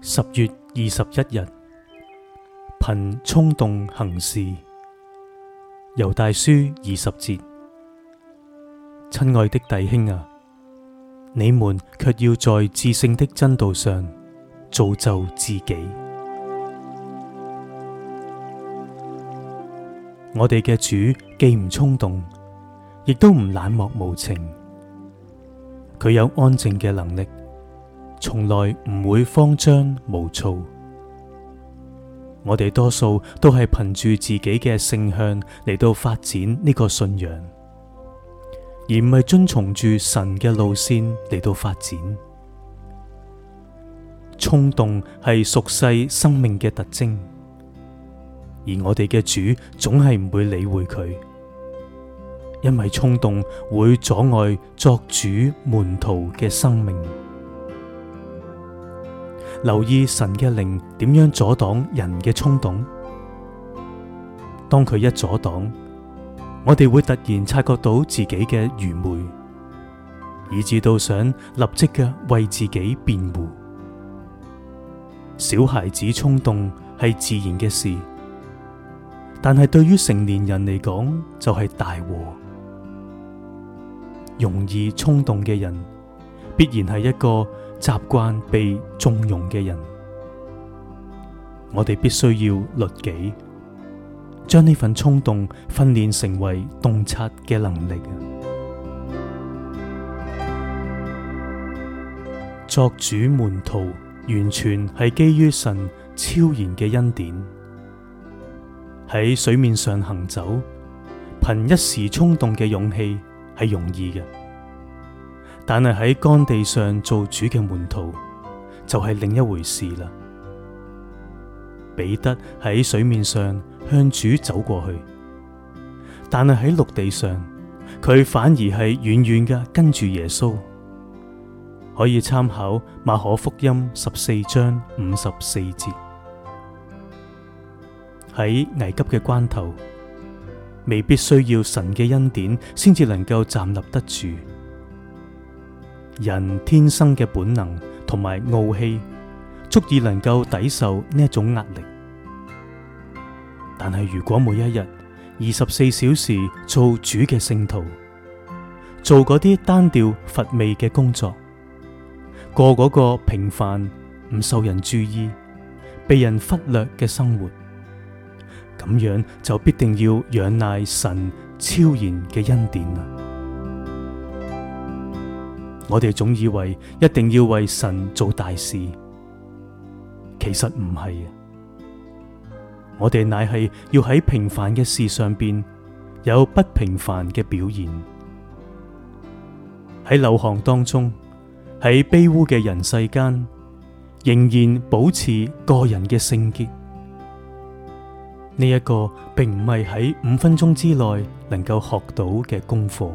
十月二十一日，憑衝動行事，猶大書二十節。親愛的弟兄啊，你們卻要在至聖的真道上造就自己。 我哋嘅主既唔衝動，亦都唔冷漠無情，佢有安靜嘅能力。從來唔會慌張無措。我哋多數都係憑住自己嘅性向嚟到發展呢個信仰，而唔係遵從住神嘅路線嚟到發展。衝動係俗世生命嘅特徵，而我哋嘅主總係唔會理會佢，因為衝動會阻礙作主門徒嘅生命。留意神嘅靈點樣阻擋人嘅衝動，當佢一阻擋，我哋會突然察覺到自己嘅愚昧，以至到想立即嘅為自己辯護。小孩子衝動係自然嘅事，但係對於成年人嚟講，就係大禍。容易衝動嘅人。必然係一個習慣被縱容嘅人，我哋必須要律己，將呢份衝動訓練成為洞察嘅能力。作主門徒完全係基於神超然嘅恩典，喺水面上行走，憑一時衝動嘅勇氣係容易嘅。但係喺乾地上做主嘅門徒就係另一回事啦。彼得喺水面上向主走過去，但係喺陸地上佢反而係遠遠嘅跟住耶穌。可以參考馬可福音十四章五十四節。喺危急嘅關頭，未必需要神嘅恩典先至能夠站立得住。人天生嘅本能同埋傲氣，足以能夠抵受呢一種壓力。但係如果每一日二十四小時做主嘅聖徒，做嗰啲單調乏味嘅工作，過嗰個平凡唔受人注意、被人忽略嘅生活，咁樣就必定要仰賴神超然嘅恩典啦。我哋總以為一定要為神做大事，其實唔係。我哋乃係要喺平凡嘅事上邊有不平凡嘅表現，喺流行當中，喺卑污嘅人世間，仍然保持個人嘅聖潔。呢一個並唔係喺五分鐘之內能夠學到嘅功課。